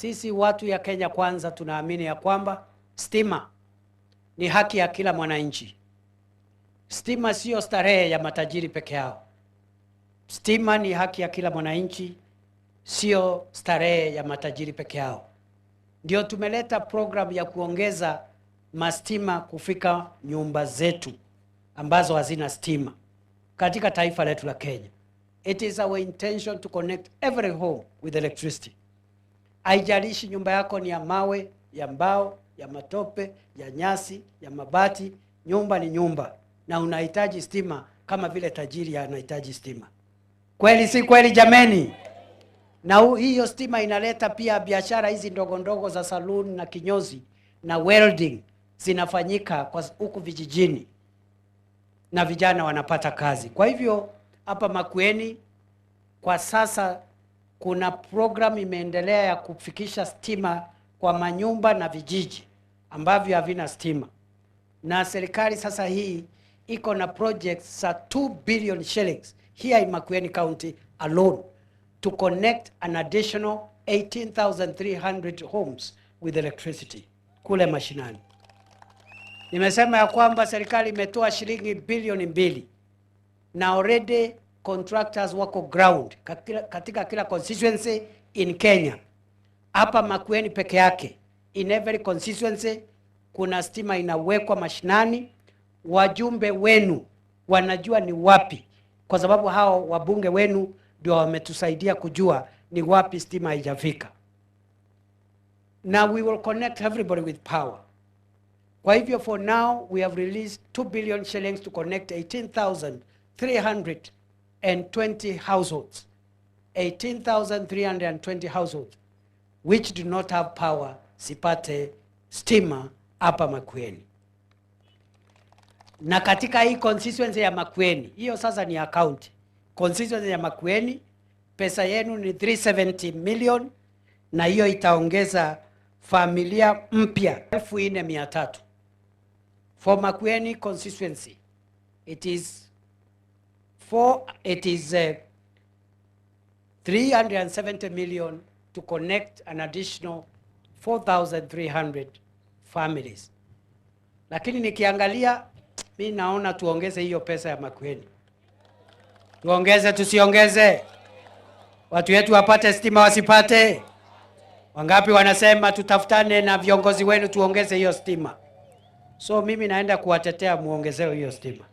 Sisi watu ya Kenya Kwanza tunaamini ya kwamba stima ni haki ya kila mwananchi. Stima siyo starehe ya matajiri peke yao. Stima ni haki ya kila mwananchi, siyo starehe ya matajiri peke yao. Ndio tumeleta programu ya kuongeza mastima kufika nyumba zetu ambazo hazina stima katika taifa letu la Kenya. It is our intention to connect every home with electricity. Haijalishi nyumba yako ni ya mawe, ya mbao, ya matope, ya nyasi, ya mabati, nyumba ni nyumba, na unahitaji stima kama vile tajiri anahitaji stima. Kweli si kweli, jameni? Na hiyo stima inaleta pia biashara hizi ndogo ndogo za saluni na kinyozi na welding zinafanyika kwa huku vijijini, na vijana wanapata kazi. Kwa hivyo hapa Makueni kwa sasa kuna programu imeendelea ya kufikisha stima kwa manyumba na vijiji ambavyo havina stima, na serikali sasa hii iko na projects za 2 billion shillings here in Makueni County alone to connect an additional 18300 homes with electricity kule mashinani. Nimesema ya kwamba serikali imetoa shilingi bilioni mbili na already contractors wako ground katika, katika kila constituency in Kenya. Hapa Makueni peke yake in every constituency kuna stima inawekwa mashinani. Wajumbe wenu wanajua ni wapi, kwa sababu hao wabunge wenu ndio wametusaidia kujua ni wapi stima haijafika, Now we will connect everybody with power. Kwa hivyo for now we have released 2 billion shillings to connect 18300 and 20 households, 18,320 households, which do not have power sipate stima hapa Makueni. Na katika hii constituency ya Makueni, hiyo sasa ni account Constituency ya Makueni pesa yenu ni 370 million, na hiyo itaongeza familia mpya elfu nne for Makueni constituency it is four, it is uh, 370 million to connect an additional 4,300 families. Lakini nikiangalia mi naona tuongeze hiyo pesa ya Makueni, tuongeze tusiongeze? Watu wetu wapate stima, wasipate? Wangapi wanasema tutafutane na viongozi wenu tuongeze hiyo stima? So mimi naenda kuwatetea muongezeo hiyo stima.